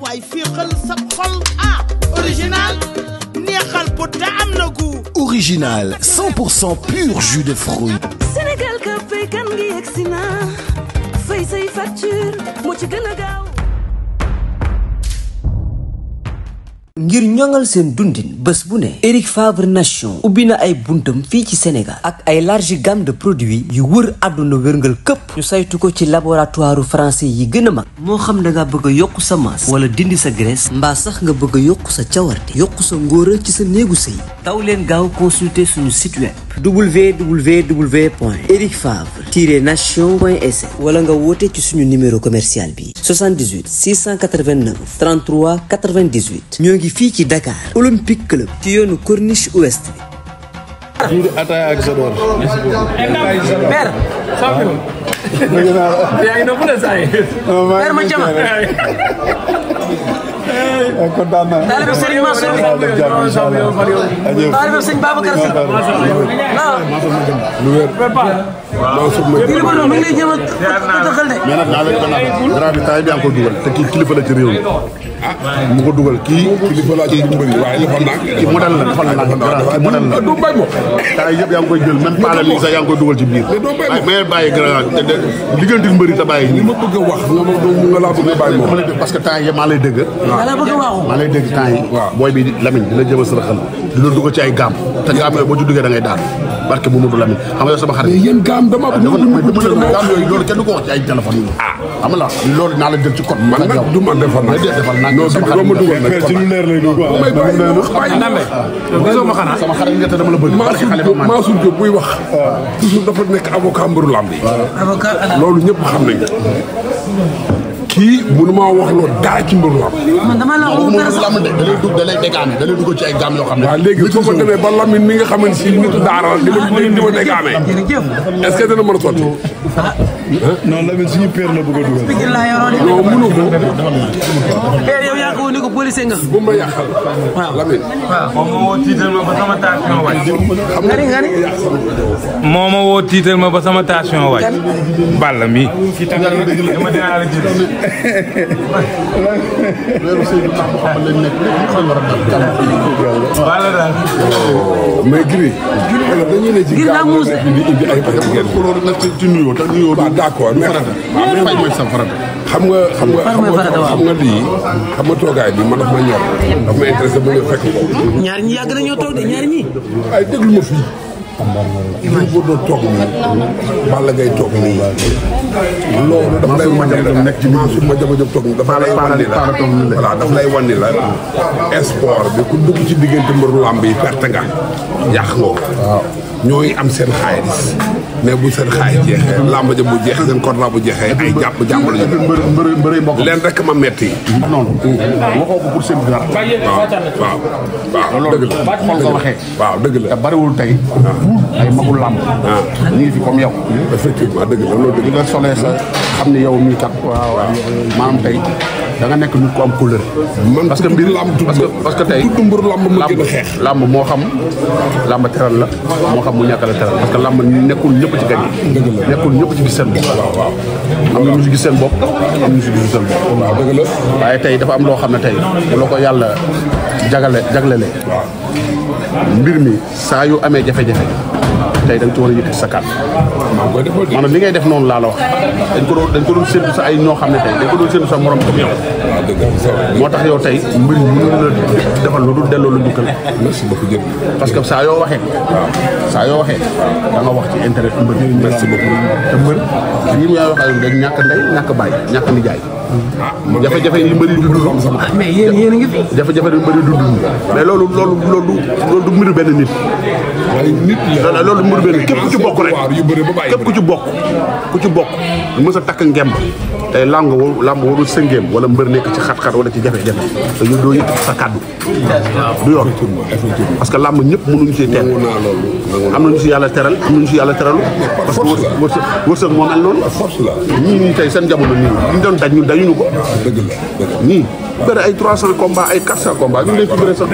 waay féexal sa xol ah, original neexal bu te am na original pur jus de fruits ngir ñoŋal seen dundin bés bu ne Eric Favre Nation ubbi na ay buntam fii ci Sénégal ak ay large gamme de produits yu wër àdduna wërngal këpp ñu saytu ko ci laboratoire français yi gën a mag moo xam da nga bëgg a yokk sa masse wala dindi sa graisse mbaa sax nga bëgg a yokk sa cawarte yokk sa ngóora ci sa néegu sëy taw leen gaaw consulter suñu site web www.ericfavre-nation.sn wala nga woote ci suñu numéro commercial bi 78 689 33 98 ngi fii ci Dakar Olympique Club ci yoonu corniche ouest bi. jur ataaya ak Sador. merci beaucoup. mère. yaa ngi noppale saa yi. mère ma jama. kontaan naa. daal bi sëriñ Mansour bi. daal bi sëriñ Babacar Si. lu wér. waaw loolu lay jëm a taxal de. mais nag naa leen ko dugal te kii kilifa la ci réew mi. ah dugal kii kilifa la ci mbir yi waaye defal naa kii modèle la defal naa kii modèle la. doo bay moom. taay dugal ci te de diggante mbir a wax nga ma doo a bàyyi moom. parce que temps yi maa lay dégg. waaw maa lay dégg temps yi. waaw booy bi Lamine dina jëm a sërëxal. dina dugal ci ay gaam te gaam yooyu boo ci duggee da ngay daal bu mu du Lamine xam nga yow xarit man dama ah, dama loolu ay téléphone yi. ah xam ah, nga loolu naa la jël ci kon man nag du ma defar naa defar naa non sama xarit nga ah. sama xarit nga te dama la bëgg. Mansour Diop buy wax. toujours dafa nekk avocat mbëru yi. loolu ñëpp xam nañ ko. kii mënumaa wax loo dara ci mbiru lamb. man dama la wax lu dara sax da lay dugg da lay dégaame da lay dugg ci ay gaam yoo xam ne. waaw léegi su ma demee ba Lamine mi nga xam ne si nitu daara la di ma di ma dégaame est-ce que dana mën a sotti. non Lamine suñu père la bëgg a dugal. non mënu ko. père yow yaa ko wane ko police nga. bu ma yàqal. waaw Lamine. waaw moo ma woo tiital ma ba sama tension waay. nga ni nga ni. moo ma woo tiital ma ba sama tension waay. Balla mi. weeru sëñ bi Pape Mouhamed lañ nekk a dal. dañuy ne ci gàllankoor bi di indi ay paquet ngeen ko loolu nag ci nuyoo te nuyoo. waaw d'accord mais fay mooy sa farata. xam nga xam nga xam nga lii xam nga toogaay bi man daf ma ñor. daf ma intéressé ba nga fekk ko. ñaar ñi yàgg nañoo toog de ñi. ay déglu ma fii. Gris Bordeaux toog nii Balla Gaye toog nii loolu daf lay wane la nekk ci biir suuf ma jaba jab toog nii dafa lay wane la voilà daf lay wane la sport bi ku dugg ci diggante mbëru làmb yi perte nga yàq nga ñooy am seen xaalis mais bu seen xaalis jeexee làmb ja bu jeexee seen cordon bu jeexee ay jàpp jàpp la ñu leen rek ma metti non waxoo ko pour seen dara waaw la waaw dëgg la te bariwul tey ah. ay magul làmb ah. ñu ngi yow effectivement dëgg la loolu dëgg la solee sa xam ne yow mii kat waaw maanaam tey da nga nekk nit ko am couleur parce que mbir làmb parce que tey tudd mbir làmb ma gën xeex lamb moo xam làmb teral la moo xam xam mu ñàkk la teral parce que làmb nekkul ñëpp ci gàncax nekkul ñëpp ci gis seen bopp am na ñu si gis seen bopp si gis seen bopp dëgg la waaye tey dafa am loo xam ne tey bu la ko yàlla jagale jaglele mbir mi saa yu amee jafe-jafe tey da nga ci war a yëkkati sa kàddu. maanaam li ngay def noonu laa la wax dañ ko doon dañ sa ay ñoo xam ne tey dañ ko doon séntu sa morom moo tax yow tey mbir mi mënu la defal lu dul delloo lu njukkal. merci beaucoup jërëjëf. parce que saa saa yoo waxee. da nga wax ci intérêt mbër. merci te mbër lii muy wax ak yow ñàkk ndey ñàkk bàyyi ñàkk nijaay. Ah, jafe-jafe yi mbëri dund ah, mais yéen yéen jafe-jafe yi mbëri dund mais loolu loolu loolu loolu du mbiru benn nit ay nit la loolu mbir benn képp ku ci bokk rek képp ku ci bokk ku ci takk ngemb tey làmb wa làmb warul sëngeem wala mbër nekk ci xat-xat wala ci jafe-jafe te ñu doo yëkkati sa kàddu du yoon parce que làmb ñëpp mënuñu ci teel am nañu si yàlla teral am nañu si yàlla teralu parce wërsëg moo mel noonu ñii nii tey seen jamono nii ñu doon daj ko nii bëri ay 300 combats ay 400 combats ñu ngi lay fi bëri sax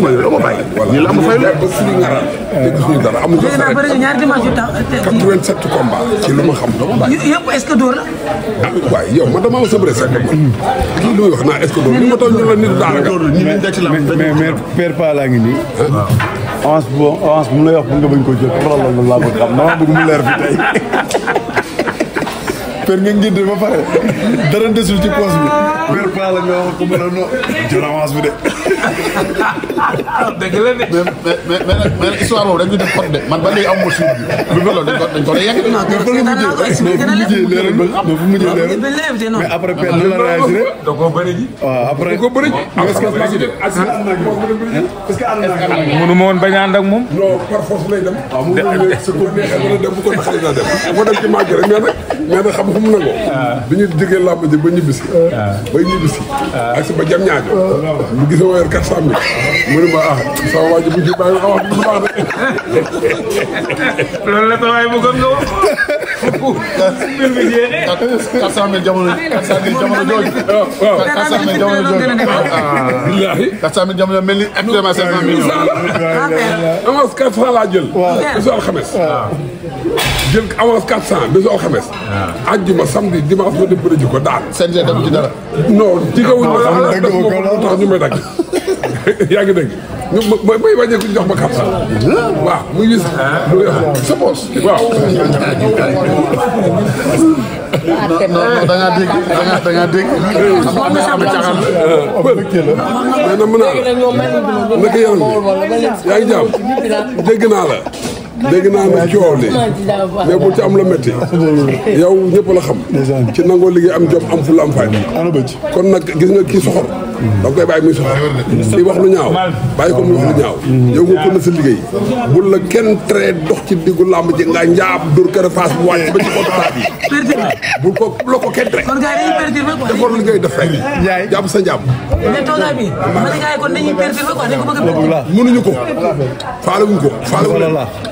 mooy dama bàyyi. voilà ñu làmb fay la suñu ngaral. te gis ñu dara amuñu ko. dina bëri ñaari dimanche yu tax 87 combats ci lu ma xam dama bàyyi. yëpp est-ce que dóor la. ah waaye yow man damaa sëbëre sax rek. kii lu wax naa est-ce que dóor li ma toll ñu la nit daara nga. mais mais mais père Pa laa ngi nii. Ah. avance bu avance bu mu lay wax bu nga bañ ko jël loolu la laa bëgg xam dama bëgg mu leer fi tey. per nga ngénte ba pare dara desul ci poos bi weer paa la nga wax ko mën a no jël avance bi de dëgg la de mais mais mais nag histoire boobu dañ ñu def code de man ba léegi amuma suuf bi lu meloon dañ ko dañ ko day yàgg mais fu mujjee leer mais après per ah, la réagir da koo bëri ji waaw ah, après da koo bëri ji ah, est-ce que est-ce que ànd naa ak moom mënu ma woon bañ a ànd ak moom non par force lay dem waaw mu dem sa ko neexee wala dem bu ko naxari na dem mu dem ci màgg rek mais nag mais nag xam ko fu mu nangoo. bi ñu jógee ba ñibbisi. ba ñibbisi. ak si ba jam ñaajo. mu gis ma yor quatre cent mille. mu ne ma ah sama waa ji bu ci baax de. loolu la sa waay quatre cent mille jamono quatre cent mille jamono jooju. waaw ah. quatre cent mille jamono jooju. billaahi quatre cent mille jamono mel ni actuellement cinq cent millions. avance quatre cent laa jël. waaw bisu alxames. jël avance quatre cent bisu alxames. waaw ah. àjjuma samedi dimanche ma dem bëri ji ko daal. seen def ci dara. non diggawuñu ma daf ma tax ñu may dagg. yaa ngi dégg mooy mooy jox ma kàttan. waaw muy wis. sa boos waaw. non da ngaa dégg da ngaa da ngaa dégg. xam nga am na am na caaxaan. mais nag mën naa la naka yaram bi yaa ngi jàmm dégg naa la. dégg naa ne coow li mais bu ci am la métti yow ñëpp la xam ci nangoo liggéey am jom am fu la kon nag gis nga kii soxor da nga koy bàyyi muy soxla di wax lu ñaaw bàyyi ko muy wax lu ñaaw yow nga kon na liggéey bul la dox ci diggu làmb ji nga njaab dóor kër faas bu wàcc ba ci kootu taat ko la ko kenn tré defoon liggéey def rek jàpp sa jàmm mënuñu ko faalewuñ ko faalewuñ ko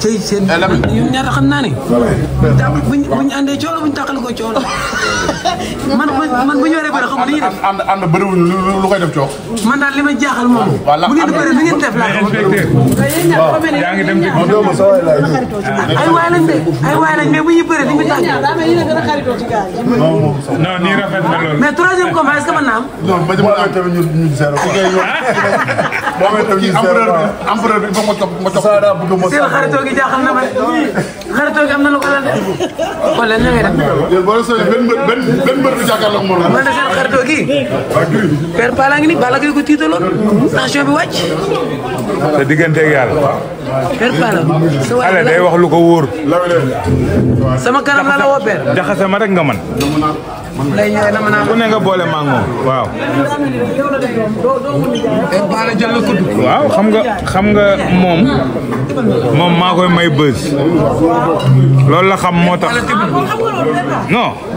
cey seen. Eh, ñoom ñaata xam naa ne. buñ buñ àndee coono buñ tàqale ko coono. man man bu ñu waree bëri xam nga li ñuy def. ànd ànd bëriwul lu koy def coono. man daal li ma jaaxal moom. bu ngeen di bëri ngeen def laa ko. waaw yaa ngi dem ci ay waay lañ de ay waay lañ mais bu ñuy bëree dañuy tànn. non nii rafet na loolu. mais troisième combat est-ce que mën naa am. non ba tamit ñu ñu zéro quoi. boo amee tamit ñu zéro quoi. empereur bi empereur bi nga topp nga topp. gi jaaxal na ma wax leen ña ngay def. boo soobee benn bë benn benn bët bu jàkkaarloo ak ni ko tiitaloon. tension bi wàcc. ale day wax lu ko wóor. sama kanam la la woo ma rek nga man lay ñëwee dama ne nga boole maa ngi waaw. Père Palla jël na kudd. waaw xam nga xam nga moom moom maa koy may bës loolu la xam moo tax. non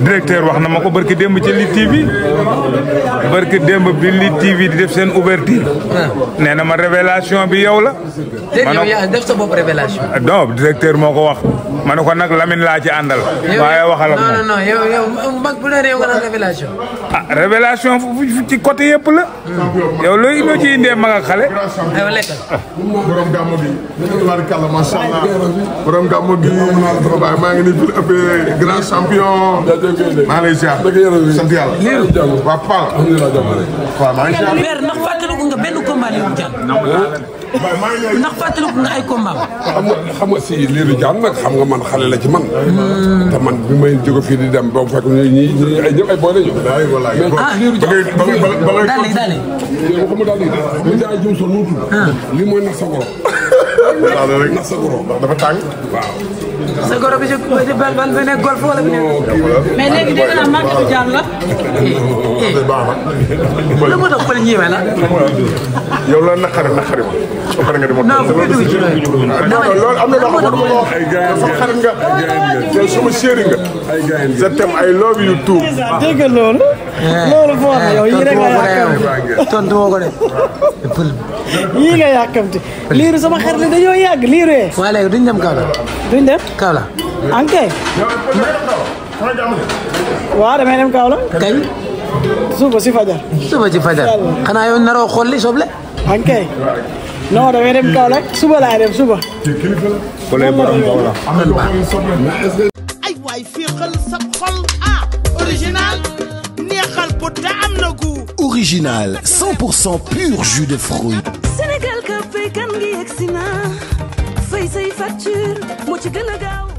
directeur wax na ma ko barki démb ci Lutte TV barki démb bi Lutte TV di def seen ouverture nee na ma révélation bi yow la. ma ne ko def sa bopp révélation. non directeur moo ko wax. ma ne ko nag Lamine laa ci àndal. waaye waxal ak moom non non yow yow mag bu ne yow nga naan révélation. ah révélation fu ci côté yëpp la. yow looy loo ciy indee mag ak xale. aywa ah, lekkal. borom gàmmu gi. tubaarkàlla macha allah borom gàmmu gi. waaye maa ngi nii ëppee grand champion. maa ngi lay ziar sant yàlla. waaw Paa la. maa ngi ziar weer ndax fàttaliku nga benn combat Lirou Diane. ndax fàttaliku nga ay combat. xam nga xam nga si Lirou Diane nag xam nga man xale la ci man. Hmm. te man bi may jóge fii di dem ba mu fekk ñuy ñuy ay ñëpp ay boy lañu. ah Lirou Diane ba ngay ba ngay. daal di daal di. yow xam nga daal di ah. ah. li mooy nax sa ndax sa goro ndax dafa tàng waaw. sa goro bi ci ban ban bi nekk golf wala bi nekk. mais léegi dégg naa marque bi jàll la. lu mu doon pël ñeme la. yow loolu naqari naqari ma. ba pare nga demoon. non bu ñu dugg ci loolu. loolu am na loo xam ne ay gars yi xarit nga. ay gars yi nga te sama chéri nga. ay gars yi nga ay love you too. dégg loolu. loolu foor na yow yii rek nga yàkkamti tontu woo ko de pël yii nga liiru sama xarit la dañoo yàgg liiru yee waaye léegi duñ dem Kaolack duñ dem Kaolack ankay waaw damay suba si fajar suba si fajar xanaa yow naroo xolli soble ankay non damay dem Kaolack suba laay dem suba. original 100% pur jus de fruits. Sénégal ka fay kan gi yegsi na fay say facture moo ci gën a gaaw.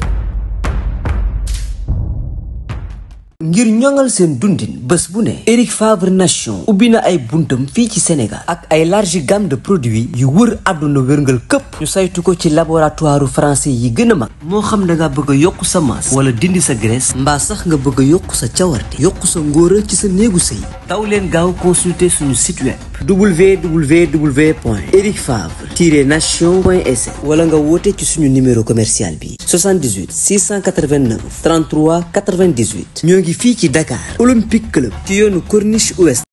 ngir ñoŋal seen dundin bés bu ne Eric Favre Nation ubbi na ay buntam fii ci Sénégal ak ay large gamme de produits yu wër àdduna wërngal këpp ñu saytu ko ci laboratoire français yi gën a mag moo xam da nga bëgg a yokk sa masse wala dindi sa graisse mbaa sax nga bëgg a yokk sa cawarte yokk sa ngóora ci sa néegu sëy daw leen gaaw consulter suñu site www point Eric Favre tiret nation point sn wala nga woote ci suñu numéro commercial bi 78 689 33 ñoo ngi fii ci Dakar Olympique Club ci yoonu Corniche Ouest